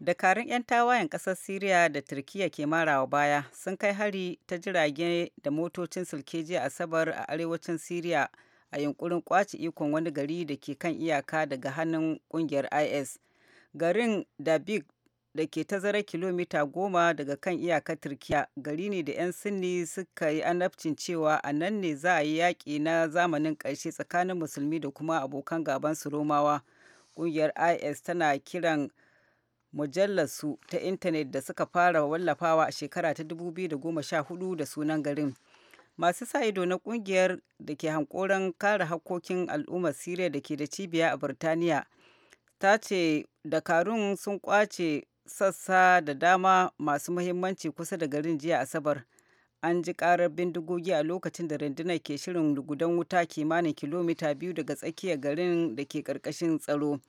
dakarun 'yan tawayen ƙasar syria da turkiyya ke marawa baya sun kai hari ta jirage da motocin sulkeji jiya asabar a arewacin syria a yunkurin kwace ikon wani gari da ke kan iyaka daga hannun kungiyar is garin dabig da ke zara kilomita goma daga kan iyaka turkiya gari ne da 'yan sinni suka yi annabcin cewa a nan ne za a yi yaƙi na zamanin ƙarshe tsakanin musulmi da kuma abokan gaban su romawa ƙungiyar is tana kiran mujallarsu ta intanet da suka fara wallafawa a shekara ta 2014 da sunan garin. Masu sa ido na kungiyar da ke hankoron kare hakkokin al'ummar Siriya da ke da cibiya a Birtaniya ta ce dakarun sun kwace sassa da dama masu muhimmanci kusa da garin jiya Asabar. An ji karar bindigogi a lokacin da rundunar ke shirin gudan wuta kimanin kilomita biyu daga tsakiyar garin da ke karkashin tsaro.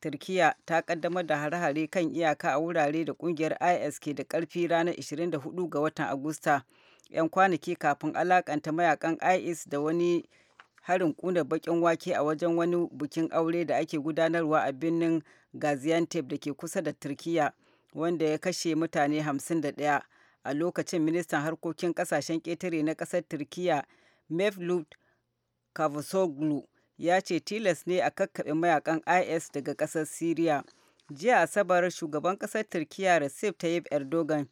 Turkiyya ta kaddamar da hare-hare kan iyaka a wurare da kungiyar IS ke da karfi ranar 24 ga watan Agusta, 'yan kwanaki kafin alakanta mayakan IS da wani harin kuna bakin wake a wajen wani bikin aure da ake gudanarwa a birnin Gaziantep da ke kusa da Turkiyya, wanda ya kashe mutane 51. A lokacin ministan harkokin kasashen ƙetare na ƙasar Turkiyya, Mevlut Cavusoglu, ya ce tilas ne a kakkaɓe mayakan is daga ƙasar siriya jiya asabar shugaban ƙasar turkiyya recep tayyip erdogan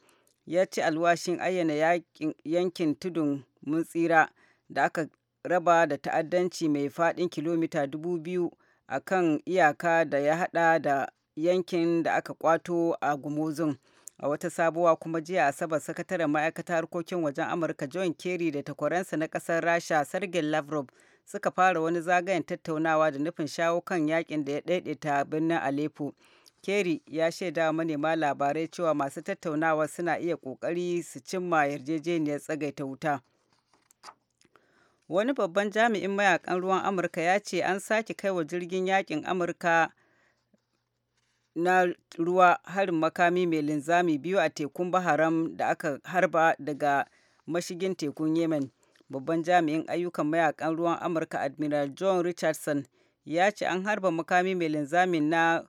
ya ci alwashin ayyana yankin tudun mun tsira da aka raba da ta'addanci mai faɗin kilomita 2000 a kan iyaka da ya haɗa da yankin da aka kwato a gumuzun a wata sabuwa kuma jiya asabar sakataren ma'aikatar harkokin wajen amurka john kerry da takwaransa na kasar rasha sergei lavrov suka fara wani zagayen tattaunawa da nufin shawo kan yakin da ya daidaita birnin aleppo kerry ya shaida manema labarai cewa masu tattaunawa suna iya kokari su cimma yarjejeniyar tsagaita wuta wani babban jami'in mayakan ruwan amurka ya ce an sake kai wa jirgin yakin amurka na ruwa harin makami mai linzami biyu a tekun Baharam da aka harba daga mashigin tekun Yemen. Babban jami'in ayyukan mayakan ruwan Amurka Admiral John Richardson ya ce an harba makami mai linzami na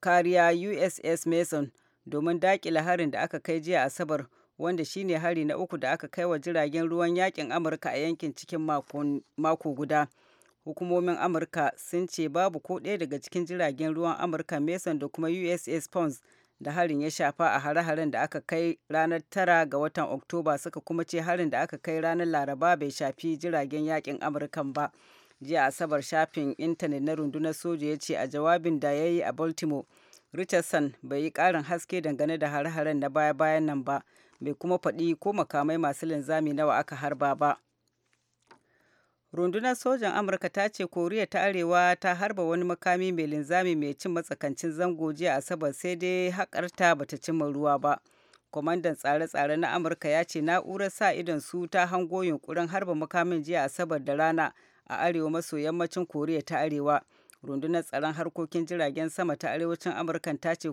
kariya USS Mason domin dakile harin da aka kai jiya Asabar wanda shine hari na uku da aka kai wa jiragen ruwan yakin Amurka a yankin cikin mako guda. hukumomin amurka sun ce babu ko ɗaya daga cikin jiragen ruwan amurka mason da kuma uss pons da harin ya shafa a hare-haren da aka kai ranar tara ga watan oktoba suka kuma ce harin da aka kai ranar laraba bai shafi jiragen yakin amurkan ba jiya asabar shafin intanet na rundunar soja ya ce a jawabin da ya yi a baltimore richardson bai yi ƙarin haske dangane da hare-haren na baya-bayan nan ba bai kuma faɗi ko makamai masu linzami nawa aka harba ba. rundunar sojan amurka ta ce koriya ta arewa ta harba wani makami mai linzami mai cin matsakancin zango jiya asabar sai dai hakarta bata cimma ruwa ba kwamandan tsare-tsare na amurka ya ce na'urar sa idon su ta hango yunkurin harba makamin jiya asabar da rana a arewa maso yammacin koriya ta arewa rundunar tsaron harkokin jiragen sama ta arewacin amurka ta ce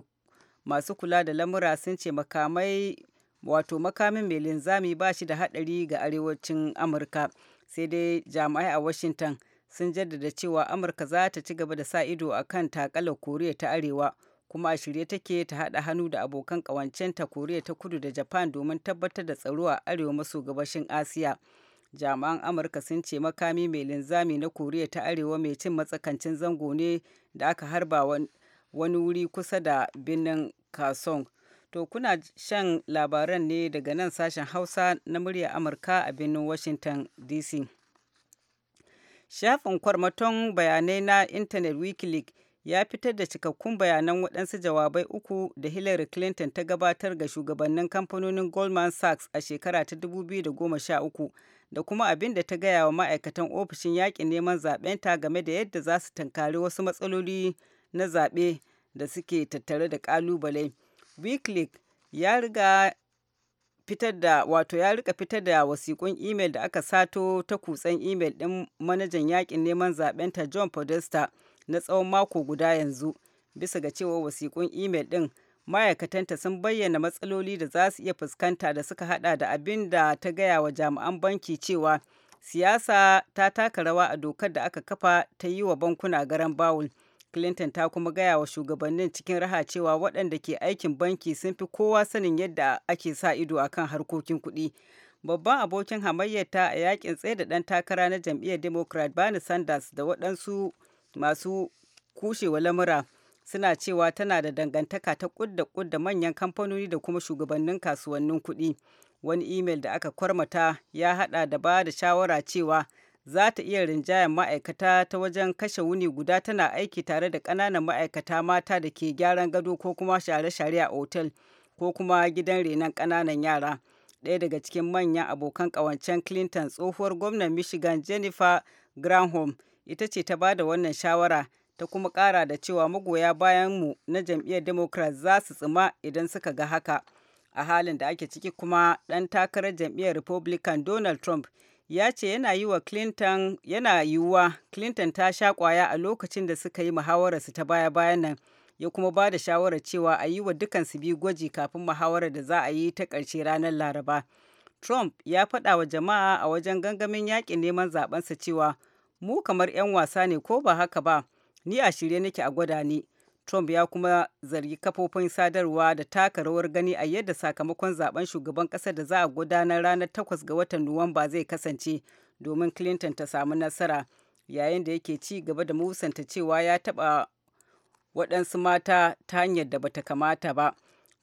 masu kula da lamura sun ce makamai wato makamin mai linzami ba shi da hadari ga arewacin amurka sai dai jami'ai a washington sun jaddada cewa amurka za ta ci gaba da sa ido a kan takalar koriya ta arewa kuma a shirye take ta haɗa hannu da abokan ƙawancenta koriya ta kudu da japan domin tabbatar da tsaro a arewa maso gabashin asiya jami'an amurka sun ce makami mai linzami na koriya ta arewa mai cin matsakancin zango ne da aka harba wani wuri kusa da birnin kasong To kuna shan labaran ne daga nan sashen Hausa na murya Amurka a birnin Washington DC. Shafin kwarmaton bayanai na Internet Wikileaks ya fitar da cikakkun bayanan waɗansu jawabai uku da Hillary Clinton ta gabatar ga shugabannin kamfanonin Goldman Sachs a shekara ta 2013 da kuma abin da ta gaya wa ma'aikatan ofishin yaƙin neman zaɓenta game da yadda za su tankari wasu matsaloli na zaɓe da suke tattare da ƙalubale. Wikileaks ya riga fitar da wato ya rika fitar da wasikun imel da aka sato ta kutsan imel ɗin manajan yakin neman zaben ta John Podesta na tsawon mako guda yanzu bisa ga cewa wasikun imel ɗin ma'aikatanta sun bayyana matsaloli da za su iya fuskanta da suka hada da abin da ta gaya wa jami'an banki cewa siyasa ta taka rawa a dokar da aka kafa ta yi wa bankuna garan bawul. Clinton ta kuma gaya wa shugabannin cikin raha cewa waɗanda ke aikin banki sun fi kowa sanin yadda ake sa ido a kan harkokin kuɗi. Babban abokin hamayyata a yakin tsaye da ɗan takara na jam'iyyar Democrat Bernie Sanders da waɗansu masu kushewa lamura suna cewa tana da dangantaka ta kudda da manyan kamfanoni da kuma shugabannin kasuwannin kuɗi. Wani imel da aka kwarmata ya haɗa da ba da shawara cewa za ta iya rinjayar ma'aikata ta wajen kashe wuni guda tana aiki tare da ƙananan ma'aikata mata da ke gyaran gado ko kuma share-share a otal ko kuma gidan renon ƙananan yara. Ɗaya daga cikin manyan abokan ƙawancen Clinton tsohuwar gwamnan Michigan Jennifer Granholm ita ce ta ba da wannan shawara ta kuma ƙara da cewa magoya bayan mu na jam'iyyar Democrat za su tsima idan suka ga haka. A halin da ake ciki kuma ɗan takarar jam'iyyar Republican Donald Trump ya ce yana yi wa clinton yana yiwuwa Clinton ta sha kwaya a lokacin da suka yi su ta baya-bayan nan, ya kuma ba da shawarar cewa a yi wa dukansu biyu gwaji kafin muhawarar da za a yi ta ƙarshe ranar Laraba. Trump ya faɗa wa jama'a a wajen gangamin yaƙin neman zaɓensa cewa, mu kamar 'yan wasa ne ko ba haka ba, ni a shirye nake a gwada ni. Trump ya kuma zargi kafofin sadarwa da taka rawar gani a yadda sakamakon zaben shugaban ƙasar da za a gudanar ranar takwas ga watan Nuwamba zai kasance domin Clinton ta samu nasara yayin da yake ci gaba da musanta cewa ya taɓa waɗansu mata ta hanyar da bata kamata ba.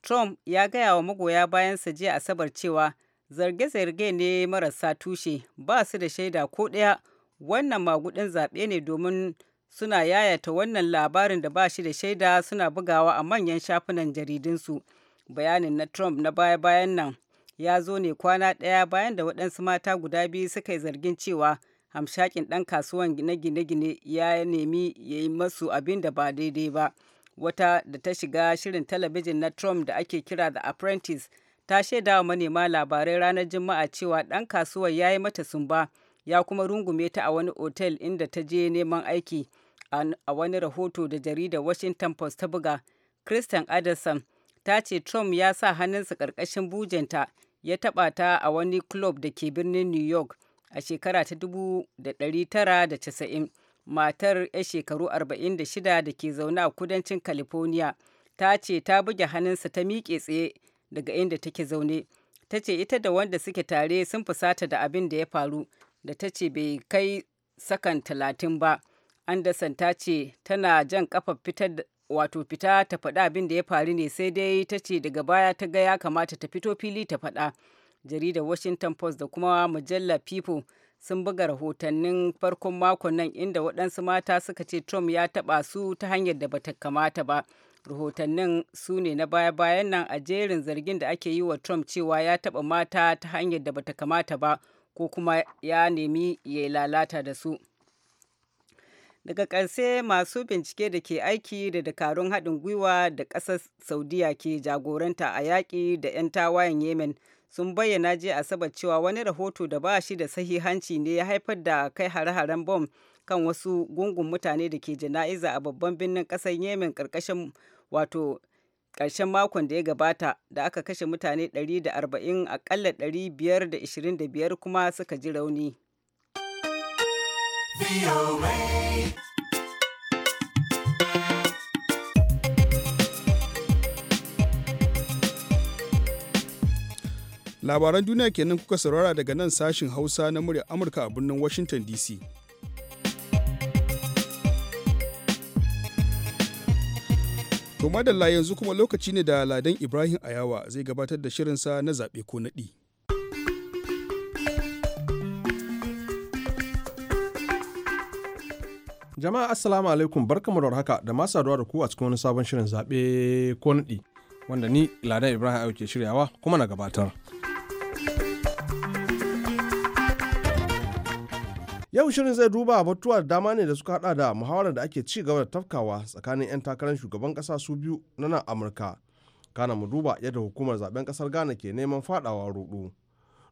Trump ya gaya wa magoya bayansa jiya Asabar cewa zarge-zarge ne marasa tushe ba su da shaida ko ɗaya wannan magudin zaɓe ne domin suna yayata wannan labarin da ba shi da shaida suna bugawa a manyan shafunan jaridunsu. Bayanin na Trump na baya-bayan nan ya zo ne kwana ɗaya bayan da waɗansu mata guda biyu suka yi zargin cewa hamshakin ɗan kasuwan na gine-gine ya nemi ya yi masu abin da ba daidai ba. Wata da ta shiga shirin talabijin na Trump da ake kira The Apprentice ta shaida wa manema labarai ranar Juma'a cewa ɗan kasuwar ya yi mata sumba. ya kuma rungume ta a wani otel inda ta je neman aiki a wani rahoto da jaridar washington post ta buga kristen anderson ta ce trump ya sa hannunsa ƙarƙashin bujenta ya taɓa ta a wani club da ke birnin new york a shekara ta 1990 matar 'yar shekaru 46 da ke zaune a kudancin california ta ce ta buge hannunsa ta miƙe tsaye daga inda take zaune ta ce ita da wanda suke tare sun fusata da abin da ya faru da ta ce bai kai sakan talatin ba anderson ta ce tana jan kafa fitar wato fita ta faɗa abin da ya faru ne sai dai ta ce daga baya ta ga ya kamata ta fito fili ta faɗa jaridar washington post da kuma mujallar people sun buga rahotannin farkon makon nan inda waɗansu mata suka ce trump ya taɓa su ta hanyar da bata kamata ba rahotannin su ne na baya-bayan nan a jerin zargin da ake yi wa trump cewa ya taɓa mata ta hanyar da bata kamata ba ko kuma ya nemi ya lalata da su daga ƙarshe masu bincike da ke aiki da dakarun haɗin gwiwa da ƙasar saudiya ke jagoranta a yaƙi da 'yan tawayen yemen sun bayyana jiya asabar cewa wani rahoto da ba shi da sahihanci ne ya haifar da kai hare-haren bom kan wasu gungun mutane da ke jana'iza a babban birnin ƙasar yemen ƙarƙashin wato ƙarshen makon da ya gabata da aka kashe mutane 140 da 525 kuma suka ji rauni. Labaran duniya kenan kuka saurara daga nan sashin Hausa na murya Amurka a birnin Washington DC. To madalla yanzu kuma lokaci ne da Ladan Ibrahim Ayawa zai gabatar da shirinsa na zaɓe ko naɗi. Jama'a Assalamu alaikum barkamu da haka da masu saduwa da ku a cikin wani sabon shirin zaɓe ko naɗi wanda ni Ladan Ibrahim Ayawa ke shiryawa kuma na gabatar. Yau shirin zai duba batuwa dama ne da suka hada da muhawarar da ake ci gaba da tafkawa tsakanin 'yan takarar shugaban kasa su biyu na nan Amurka. Kana mu duba yadda hukumar zaben kasar Ghana ke neman fadawa rudu.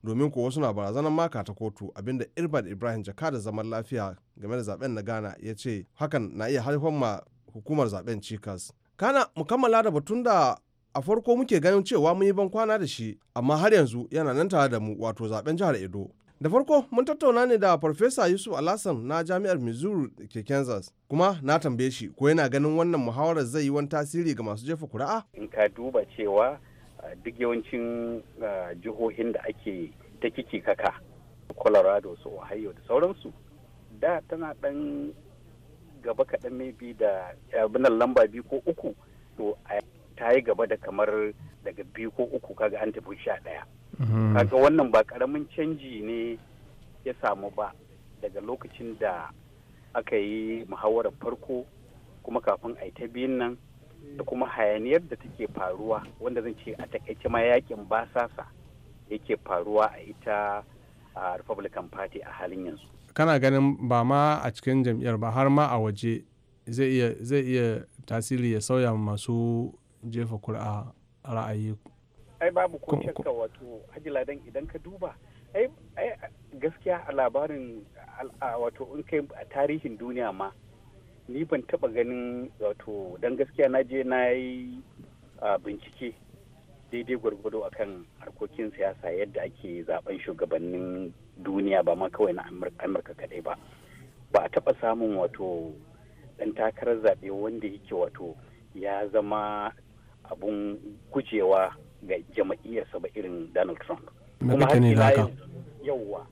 Domin kuwa suna barazanar maka ta kotu abinda Irbad Ibrahim jaka da zaman lafiya game da zaben na Ghana ya ce hakan na iya haifar ma hukumar zaben cikas. Kana mu kammala da batun da a farko muke ganin cewa mun yi ban kwana da shi amma har yanzu yana nan tare da mu wato zaben jihar Edo. da farko mun tattauna ne da farfesa yusuf alasan na jami'ar missouri ke kansas kuma na tambaye shi ko yana ganin wannan muhawarar zai yi wani tasiri ga masu jefa kuri'a in ka duba cewa duk yawancin jihohin da ake ta kiki kaka colorado su ohio da sauransu da tana dan gaba kaɗan maybe da abinan lamba biyu ko uku to ta yi gaba da kamar daga biyu ko uku kaga an tafi sha ɗaya kaga wannan ba karamin canji ne ya samu ba daga lokacin da aka yi muhawarar farko kuma kafin a ta biyun nan da kuma hayaniyar da take faruwa wanda zan ce a takaice ma yakin basasa yake faruwa a ita a republican party a halin yanzu kana ganin ba ma a cikin jam'iyyar ba har ma a waje zai iya tasiri ya sauya masu jefa kura ra'ayi ai babu ko shakka wato haji ladan idan ka duba ai gaskiya a labarin wato in kai a tarihin duniya ma ni ban taba ganin wato dan gaskiya na je na yi bincike daidai gwargwado kan harkokin siyasa yadda ake zaben shugabannin duniya ba ma kawai na amurka kadai ba ba a taba samun wato dan takarar zaɓe wanda yake wato ya zama abun gujewa ga jama'iyyarsa ba irin donald trump kuma har ila yauwa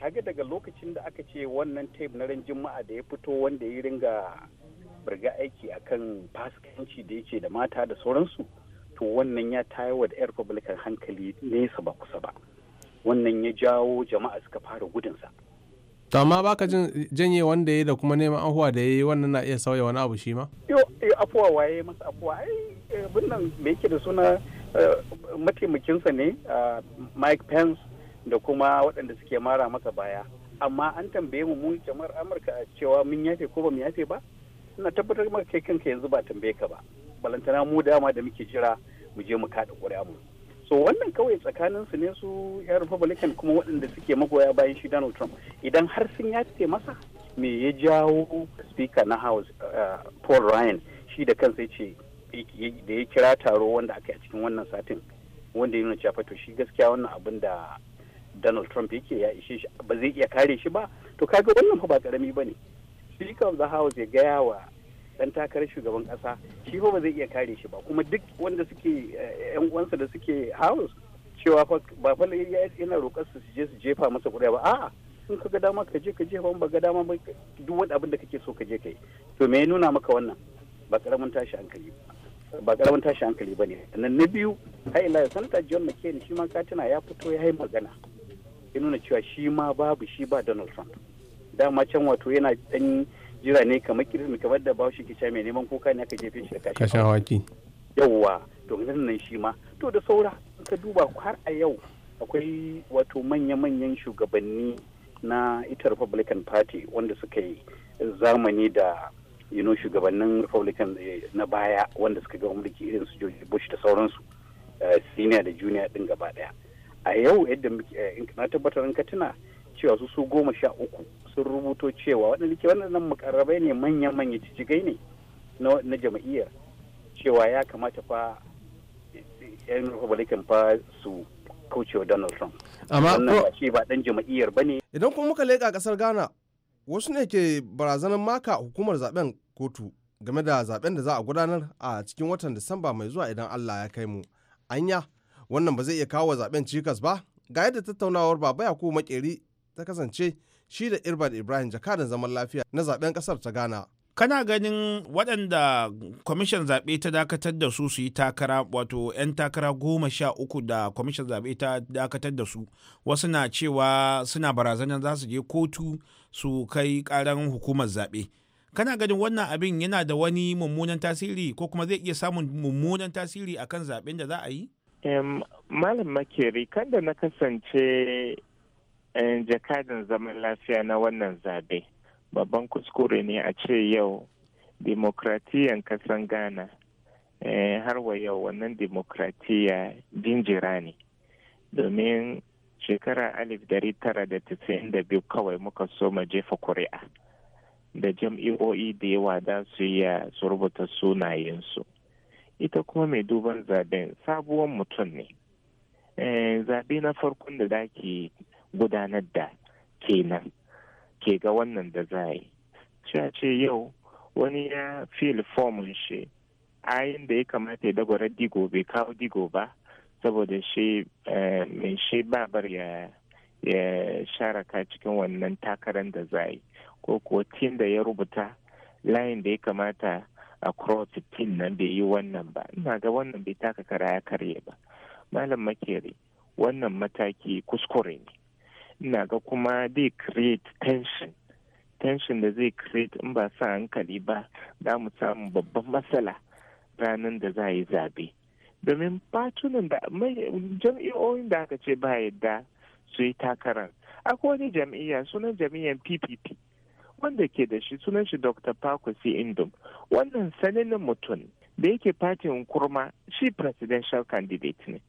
kaga daga lokacin da aka ce wannan tape na ran juma'a da ya fito wanda ya ringa birga aiki akan fasikanci da yake da mata da sauransu to wannan ya tayar wa da republican hankali nesa ba kusa ba wannan ya jawo jama'a suka fara gudunsa to amma baka jin janye wanda ya da kuma neman afuwa da ya yi wannan na iya sauya wani abu shi ma yo eh, afuwa waye masa afuwa ai eh, binnan mai ke da suna eh, mataimakinsa ne ah, Mike Pence da kuma waɗanda suke mara masa baya amma an tambaye mu mun jama'ar Amurka cewa mun yafe ko ba mu yafe ba ina tabbatar maka kai kanka yanzu ba tambaye ka ba balantana mu dama da muke jira mu je mu kada ƙuri'a mu so wannan kawai tsakanin su ne su yan republican kuma waɗanda suke magoya bayan shi donald trump idan har sun yace masa me ya jawo speaker na house uh, paul ryan shi da kansa ce da ya kira taro wanda aka yi a cikin wannan satin wanda ya nuna cewa to shi gaskiya wannan abin da donald trump yake ya ishe shi ba zai iya kare shi ba to kaga wannan fa ba karami ba ne speaker of the house ya gaya wa dan takarar shugaban kasa shi fa ba zai iya kare shi ba kuma duk wanda suke eh, yan uwansa da suke house cewa ba fa yana roƙar su je su jefa masa kuri'a ba a'a in ka ga dama ka je ka jefa ba ga dama ba duk wani abin da kake so ka je kai to me ya nuna maka wannan ba karamin tashi hankali ba karamin tashi hankali bane sannan na biyu ai ila sanata John McCain shi ma katina ya fito ya yi magana ya nuna cewa shi ma babu shi ba Donald Trump dama can wato yana dan jira ne kamar kirismi kamar da bahaushe ke sha mai neman kuka ne aka jefe shi da kashin hawaki yawwa to nan shi ma to da saura ka duba har a yau akwai wato manya-manyan shugabanni na ita republican party wanda suka yi zamani da you know, shugabannin republican eh, na baya wanda suka ga mulki irin su george bush da sauransu eh, senior da junior din gaba daya a yau yadda eh, na tabbatar in ka tuna cewa su su goma sha uku sun rubuto cewa waɗanda ke waɗannan mukarrabai ne manya-manya cicigai ne na jama'iyyar cewa ya kamata fa yan republican fa su kaucewa donald trump amma ba shi ba ɗan jama'iyyar ba ne idan kuma muka leka kasar ghana wasu ne ke barazanar maka hukumar zaben kotu game da zaben da za a gudanar a cikin watan disamba mai zuwa idan allah ya kai mu anya wannan ba zai iya kawo zaben cikas ba ga yadda tattaunawar baba ko makeri ta kasance shi da Irbad Ibrahim jakadan zaman lafiya na zaben kasar ta Ghana. Kana ganin waɗanda kwamishin zaɓe ta dakatar da su su yi takara wato 'yan takara goma sha uku da kwamishin zaɓe ta dakatar da su wasu na cewa suna barazanar za su je kotu su kai ƙaran hukumar zaɓe. Kana ganin wannan abin yana da wani mummunan tasiri ko kuma zai iya samun mummunan tasiri akan zaɓen da za a yi? Malam Makeri, kan da na kasance Eh, jakadan zaman lafiya na wannan zabe babban kuskure ne a ce yau demokratiyan kasan ghana eh, har wa yau wannan demokratiya jinjira ne domin shekara alif dari tara da da biyu kawai muka so ma jefa kuri'a da jam'i'o'i da yawa da su iya su rubuta sunayensu ita kuma mai duban zaben sabuwan mutum ne eh, zabe na farkon da daki gudanar da kenan ke ga wannan da za yi cewa ce yau wani ya fil formun shi ayin da ya kamata ya dagwara digo bai kawo digo ba saboda shi eh, mai shi babar ya sharaka cikin wannan takarar da za yi ko kuwa tin da ya rubuta layin da ya kamata a cross tin nan bai yi wannan ba ina ga wannan bai taka kara ya karye ba malam makere wannan mataki kuskure ne ina ga kuma zai create tension tension da zai create in ba sa hankali ba za mu samu babban matsala ranar da za a yi zabe domin batunan da jam'iyyoyin da aka ce ba yadda su yi takarar akwai wani jam'iyya sunan jam'iyyar ppp wanda ke da shi sunan shi dr pakwasi indom wannan sanannen mutum da yake fatin kurma shi presidential candidate ne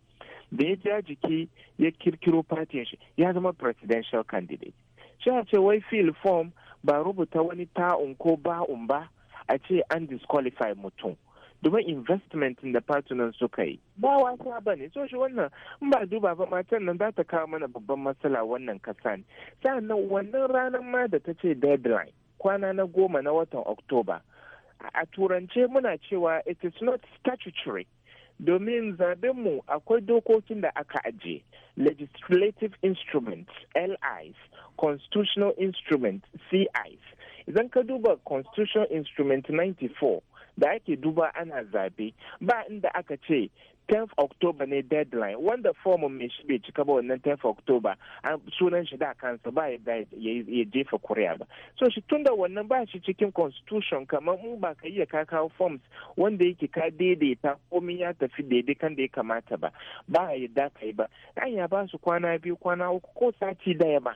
da ya ja jiki ya kirkiro fatin shi ya zama presidential candidate shi a ce wai fil form ba rubuta wani ta'un ko ba'un ba a ce an disqualify mutum domin investment in da patunan suka yi ba wasa ba ne so shi wannan in ba duba ba matan nan za ta kawo mana babban matsala wannan kasa ne sa'annan wannan ranar ma da ta ce deadline kwana na goma na watan october a turance muna cewa it is not statutory domin mu akwai dokokin da aka aje legislative instruments lis constitutional instruments cis idan ka duba constitutional instrument 94 da ake duba ana zabe ba inda aka ce 10th October ne deadline wanda form mai shi bai cika ba wannan 10th October an sunan shi da kansa ba ya jefa kuri'a ba so shi da wannan ba shi cikin constitution kamar in ba ka iya ka kawo forms wanda yake ka daidaita komai ya tafi daidai kan da ya kamata ba ba ya da ka ba an ya ba su kwana biyu kwana uku ko sati daya ba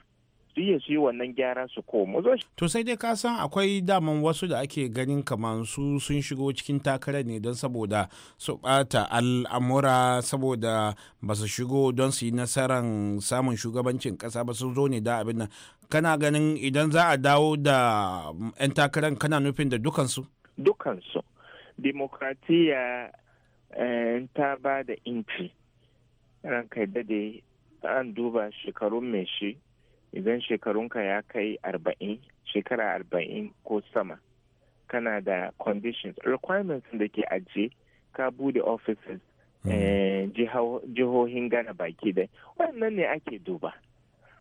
duk su yi wannan gyara su komo. To sai dai ka san akwai daman wasu da ake ganin kamar su sun shigo cikin takarar ne don saboda su bata al'amura saboda ba su shigo don su yi nasarar samun shugabancin kasa ba sun zo ne da abin nan. Kana ganin idan za a dawo da 'yan takarar kana nufin da dukansu? Dukansu. Demokratiya eh, ta ba da inci. Ranka dade an duba shekarun mai shi idan shekarunka ya kai arba'in shekara arba'in ko sama kana da conditions requirements da ke ajiye ka bude offices hmm. eh, jihohin gana baki dai wannan ne ake duba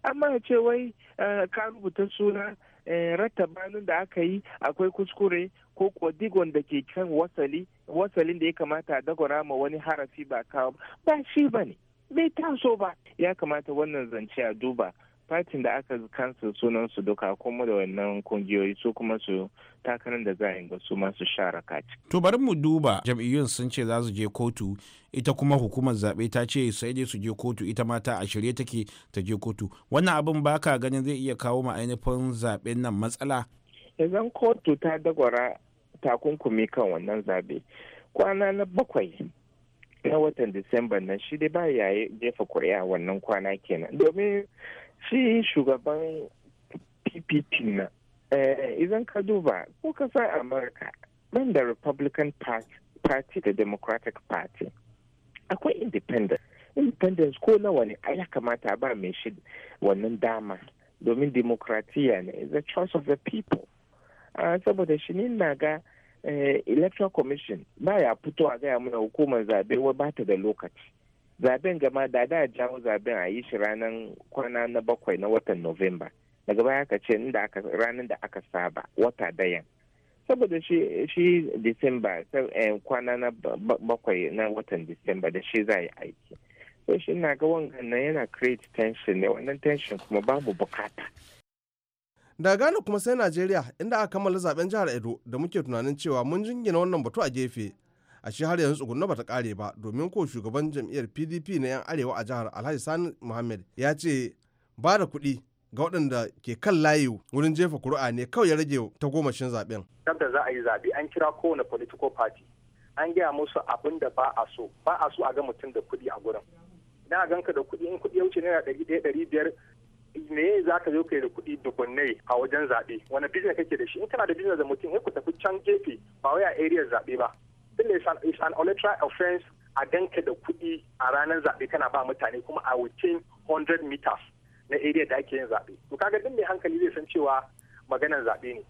amma ce wai eh, ka rubuta suna eh, rattabanin da aka yi akwai kuskure ko kodigon da ke kan wasali wasalin da ya kamata a dagwara ma wani harafi ba kawo ba shi ba ne bai taso ba ya kamata wannan zance a duba fatin da aka kansa sunan su duka kuma da wannan kungiyoyi su kuma su takarar da za a yi ba su masu share kaci. To bari mu duba jam'iyyun sun ce za su je kotu ita kuma hukumar zaɓe ta ce sai dai su je kotu ita mata ta a shirye take ta je kotu. Wannan abin ba ka ganin zai iya kawo ma ainihin zaɓen nan matsala? Idan kotu ta dagwara takunkumi kan wannan zaɓe kwana na bakwai na watan Disamba nan shi dai ba yaye jefa kuri'a wannan kwana kenan domin shi shugaban ppp na eh, idan ka duba ko sa amurka ban da republican party da democratic party akwai independence independence ko nawa ne ya kamata ba mai shi wannan dama domin demokratiya ne the choice of the people ah, saboda shi ne na ga eh, electoral commission baya fito a gaya mana hukumar zabe wai bata da lokaci zaben gama da da jawo zaben a yi shi ranar kwana na bakwai na watan november daga baya aka ce inda aka ranar da aka saba wata daya saboda shi shi eh, kwana na bakwai na watan disamba da shi za yi aiki so shi na ga wangan nan yana create tension ne wannan tension kuma babu bukata da gano kuma sai Najeriya inda aka kammala zaben jihar Edo da muke tunanin cewa mun jingina wannan batu a gefe a shi har yanzu tsugunna bata kare ba domin ko shugaban jam'iyyar pdp na yan arewa a jihar alhaji sani muhammad ya ce ba da kuɗi ga waɗanda ke kan layi wurin jefa kuri'a ne kawai ya rage ta gomashin zaɓen. da za a yi zaɓe an kira kowane political party an gaya musu abin da ba a so ba a so a ga mutum da kuɗi a gurin. Na ganka da kuɗi in kuɗi ya wuce naira ɗari ɗaya ɗari biyar me za ka zo kai da kuɗi dubunnai a wajen zaɓe wani business kake da shi in kana da business da mutum in ku tafi can gefe ba wai a area zaɓe ba is an electoral offense a ganka da kuɗi a ranar zaɓe kana ba mutane kuma a within 100 meters na area da ake yin zaɓe to kaga duk mai hankali zai san cewa maganar zaɓe ne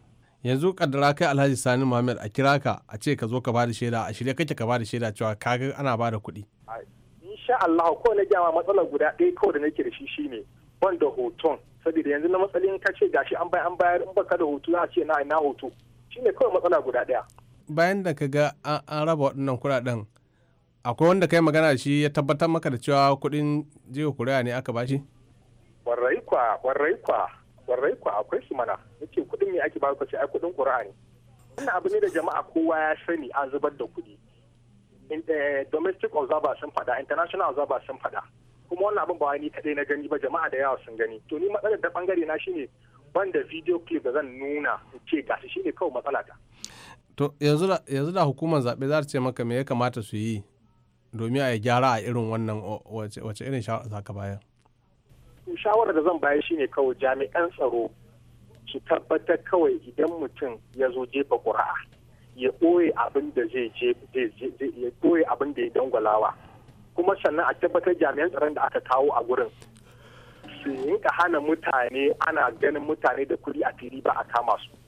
yanzu kaddara kai alhaji sani muhammad a kira ka a ce ka zo ka bada shaida a shirye kake ka bada shaida cewa kaga ana bada kuɗi insha Allah ko na gyama matsalar guda ɗaya kawai da nake da shi shine ban da hoton saboda yanzu na matsalin ka ce gashi an bayar an bayar in baka da hoto za a ce na ina hoto shine kawai matsala guda ɗaya bayan da ka ga an raba waɗannan kuɗaɗen akwai wanda kai magana shi ya tabbatar maka da cewa kuɗin jiya kuri'a ne aka bashi? Warrai kwa, warrai kwa, warrai kwa akwai su mana. Nake kuɗin me ake ba ka ce ai kuɗin kuri'a ne. Wannan abu ne da jama'a kowa ya sani an zubar da kuɗi. Eh, domestic observer sun faɗa, international observer sun faɗa. Kuma wannan abin ba wani kaɗai na gani ba jama'a da yawa sun gani. To ni matsalar da bangare na shine ban da video clip da zan nuna in ce gasi shine kawai ta to yanzu da hukumar zaɓe za ta ce maka me ya kamata su yi domin a yi gyara a irin wannan wace irin shawara za ka bayar shawarar da zan bayar shine kawai jami'an tsaro su tabbatar kawai idan mutum ya zo jefa ƙuri'a ya ɓoye abin da zai je ya ɓoye abin da ya dangwalawa kuma sannan a tabbatar jami'an tsaron da aka kawo a gurin su yinka hana mutane ana ganin mutane da kuɗi a fili ba a kama su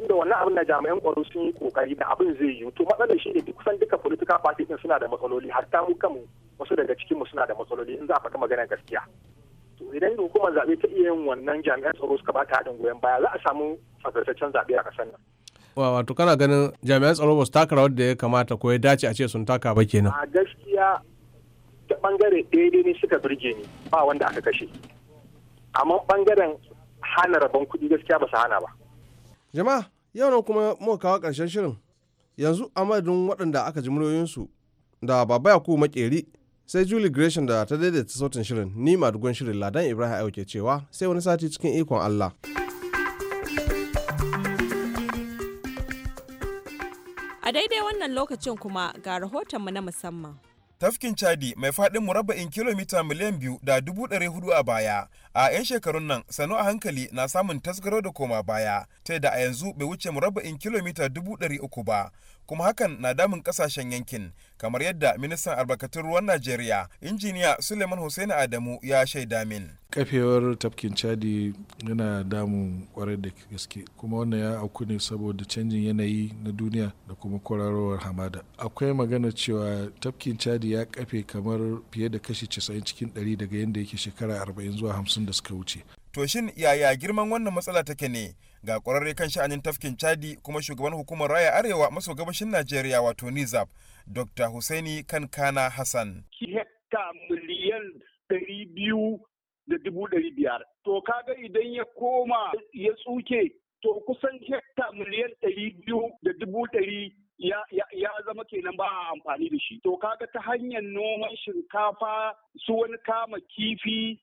tunda wannan abin na jami'an kwaro sun yi kokari da abin zai yi to matsalar shi ne kusan duka politika party din suna da matsaloli har ta mu kanmu wasu daga cikinmu suna da matsaloli in za a faɗi magana gaskiya to idan hukumar zaɓe ta iya yin wannan jami'an tsaro suka ba ta haɗin goyon baya za a samu tsaftataccen zaɓe a kasar nan wato kana ganin jami'an tsaro ba su taka rawar da ya kamata ko ya dace a ce sun taka ba kenan a gaskiya ta bangare daidai ne suka birge ni ba wanda aka kashe amma bangaren hana rabon kuɗi gaskiya ba su hana ba Jama'a, yau nan kuma muka kawo ƙarshen shirin. Yanzu a madadin waɗanda aka ji muryoyinsu da Baba Yakubu Makeri sai Julie Gresham da ta daidaita sautin shirin ni madugon shirin Ladan Ibrahim Ayo ke cewa sai wani sati cikin ikon Allah. A daidai wannan lokacin kuma ga rahoton rahotonmu na musamman. tafkin chadi mai faɗin murabba'in kilomita miliyan biyu da dubu ɗari hudu a baya a 'yan shekarun nan sanu a hankali na samun tasgaro da koma baya ta da a yanzu bai wuce murabba'in kilomita dubu ɗari uku ba kuma hakan na damun ƙasashen yankin kamar yadda ministan albarkatun ruwan najeriya injiniya suleiman hussein adamu ya shaida min kafewar tafkin chadi yana damu kwarai da gaske kuma wannan ya auku ne saboda canjin yanayi na duniya da kuma kwararowar hamada akwai magana cewa tafkin chadi ya kafe kamar fiye da kashi 90 cikin 100 daga yadda yake shekara 40 zuwa 50 da suka wuce to shin yaya girman wannan matsala take ne ga kwararre kan sha'anin tafkin chadi kuma shugaban hukumar raya arewa maso gabashin najeriya wato nizab dr husaini kankana hassan hekta miliyan ɗari to kaga idan ya koma ya tsuke to kusan hekta miliyan ɗari biyu da dubu ɗari ya, ya zama kenan ba a amfani da shi to kaga ta hanyar noman shinkafa su wani kama kifi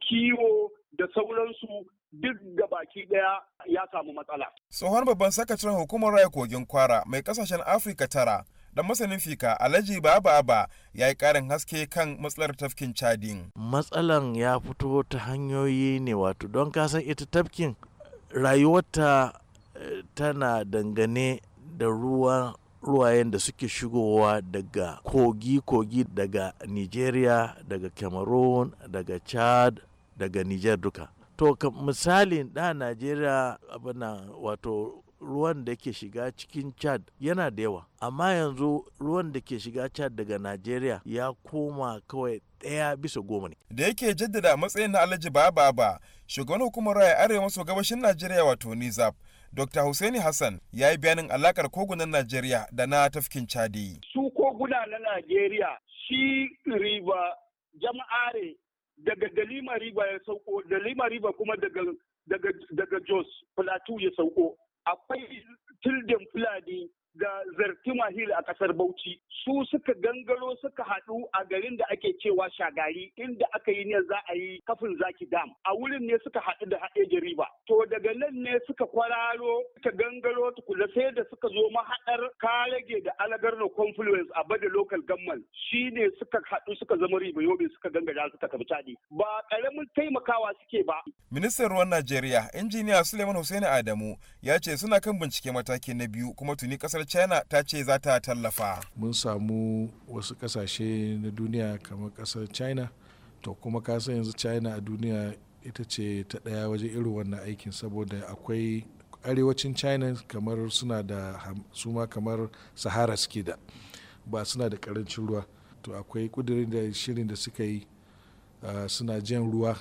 kiwo da sauransu duk baki daya ya samu matsala. Tsohon babban sakacin hukumar raya kogin kwara mai kasashen Afirka tara da masanin fika Alhaji Baba Aba ya yi karin haske kan matsalar tafkin Chadin. Matsalan ya fito ta hanyoyi ne wato don kasan ita tafkin rayuwarta eh, tana dangane da ruwan ruwayen da suke shigowa daga kogi-kogi daga nigeria daga cameroon daga chad daga niger duka to misalin da najeriya abana wato ruwan da ke shiga cikin chad yana da yawa amma yanzu ruwan da ke shiga chad daga najeriya ya koma kawai daya bisa goma ne da yake jaddada matsayin na alhaji baba ba shugaban hukumar raya arewa maso gabashin najeriya wato nizab Dr. Hussaini Hassan ya yi bayanin alakar kogunan Najeriya da na tafkin Chadi. Su koguna na Najeriya shi riba jama'are daga Dalima River ya sauko Dalima River kuma daga daga daga Jos Plateau ya sauko akwai tilden Fulani da Zartima Hill a ƙasar Bauchi su suka gangaro suka haɗu a garin da ake cewa Shagari inda aka yi ne za a yi kafin Zaki Dam a wurin ne suka haɗu da Haɗeji River nan ne suka kwararo ta gangaro kula sai da suka zo mahaɗar karage da alagarno confluence a bada local gammal shi ne suka haɗu suka zama yobe suka gangara suka tafi caɗi ba ƙaramin taimakawa suke ba. ministan ruwan najeriya injiniya suleiman hussein adamu ya ce suna kan bincike mataki na biyu kuma tuni ƙasar china ta ce za ta tallafa. mun samu wasu ƙasashe na duniya kamar ƙasar china to kuma kasa yanzu china a duniya ita ce ta ɗaya waje irin wannan aikin saboda akwai arewacin china kamar suna da suma kamar sahara suke da ba suna da karancin ruwa to akwai kudirin da shirin da suka yi suna jan ruwa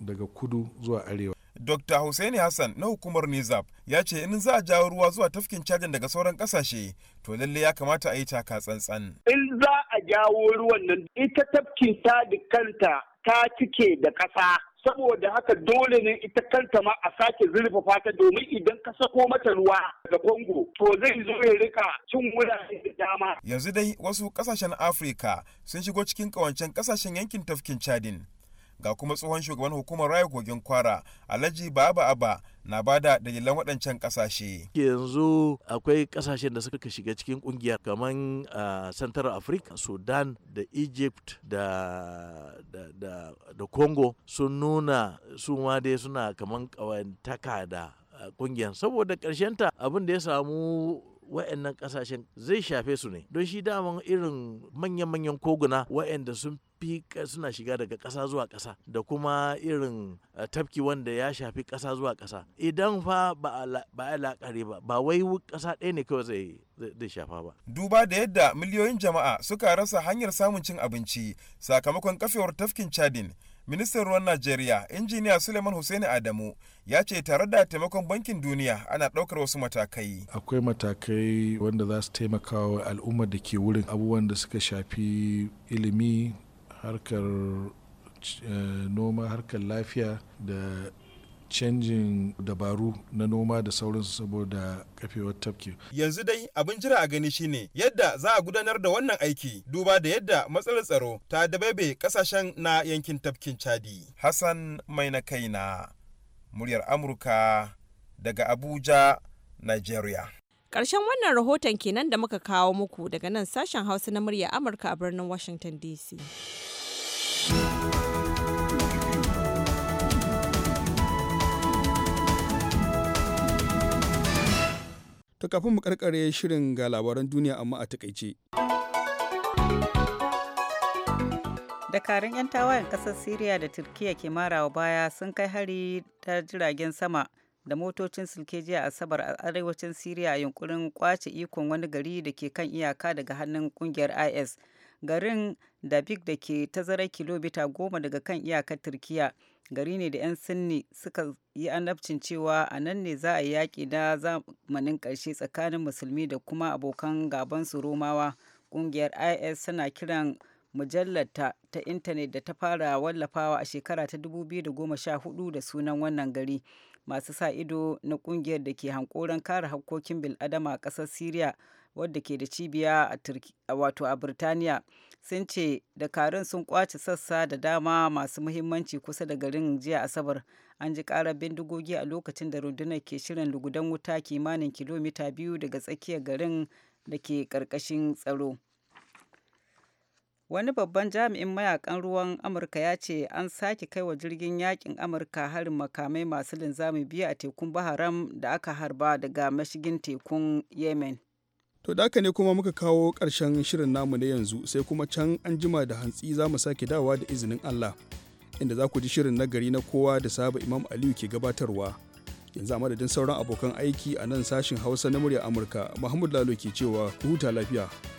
daga kudu zuwa arewa Dr. Hussaini Hassan na hukumar Nizab ya ce in za a jawo ruwa zuwa tafkin cajin daga sauran kasashe to lalle ya kamata a yi taka tsantsan. In za a jawo ruwan nan ita tafkin ta kanta ta cike da kasa. saboda haka dole ne ita kanta ma a sake zurfa fata domin idan ka sako mata ruwa da Congo to zai zo ya rika cin wurare da dama. Yanzu dai wasu kasashen Afirka sun shigo cikin kawancen kasashen yankin tafkin Chadin. ga kuma tsohon shugaban hukumar raya kogin kwara alhaji baba aba na bada dalilan waɗancan ƙasashe. yanzu akwai ƙasashen da suka shiga cikin ƙungiya kamar central africa sudan da egypt da, da, da, congo sun nuna su ma dai suna kamar ƙawantaka da ƙungiyar saboda ta abin da ya samu wa'annan kasashen zai shafe su ne don shi daman irin manyan-manyan koguna wa'anda sun fi suna shiga daga ƙasa zuwa ƙasa da kuma irin eh, tafki wanda ya shafi kasa zuwa kasa idan fa ba a laƙari ba ba wai ƙasa ɗaya ne kawai zai zai shafa ba. Duba da yadda miliyoyin jama'a suka rasa hanyar samun cin abinci sakamakon kafewar tafkin Chadin, ministan ruwan Najeriya, injiniya Suleiman Hussein Adamu ya ce tare da taimakon bankin duniya ana ɗaukar wasu matakai. Akwai matakai wanda za su taimaka wa al'ummar da ke wurin abubuwan da suka shafi ilimi harkar eh, noma harkar lafiya da canjin dabaru na noma da sauransu saboda kafewar tafki. Yanzu dai abin jira a gani shine yadda za a gudanar da wannan aiki duba da yadda matsalar tsaro ta dababe kasashen na yankin tafkin Chadi. Hassan mai na kaina muryar Amurka daga Abuja, Nigeria. Ƙarshen wannan rahoton kenan da muka kawo muku daga nan sashen Hausa na murya Amurka a birnin Washington DC. To kafin mu karkare shirin ga labaran duniya amma a takaice. dakarun 'yan tawayen ƙasar siriya da turkiyya ke marawa baya sun kai hari ta jiragen sama da motocin silke jiya asabar a arewacin siriya yunkurin kwace ikon wani gari da ke kan iyaka daga hannun kungiyar is garin da big da ke tazara kilomita goma daga kan iyakar turkiya gari ne da 'yan sinni suka yi annabcin cewa a nan ne za a yi yaƙi da zamanin ƙarshe tsakanin musulmi da kuma abokan gaban su romawa ƙungiyar is tana kiran mujallarta ta intanet da ta fara wallafawa a shekara ta 2014 da sunan wannan gari masu sa ido na kungiyar da ke hankoron kare hakkokin bil'adama a ƙasar syria wadda ke da cibiya a wato a birtaniya sun ce dakarun sun kwace sassa da dama masu muhimmanci kusa da garin jiya asabar an ji karar bindigogi a lokacin da rundunar ke shirin lugudan wuta kimanin kilomita biyu daga tsakiyar garin da ke karkashin tsaro Wani babban jami'in mayakan ruwan Amurka ya ce an sake kai wa jirgin yakin Amurka harin makamai masu linzami biyu a tekun Baharam da aka harba daga mashigin tekun Yemen. To da ne kuma muka kawo ƙarshen shirin namu na yanzu sai kuma can an jima da hantsi za mu sake dawa da izinin Allah inda za ku ji shirin nagari na kowa da saba Imam Aliyu ke gabatarwa. Yanzu a madadin sauran abokan aiki a nan sashin Hausa na murya Amurka, Muhammadu Lalo ke cewa ku huta lafiya.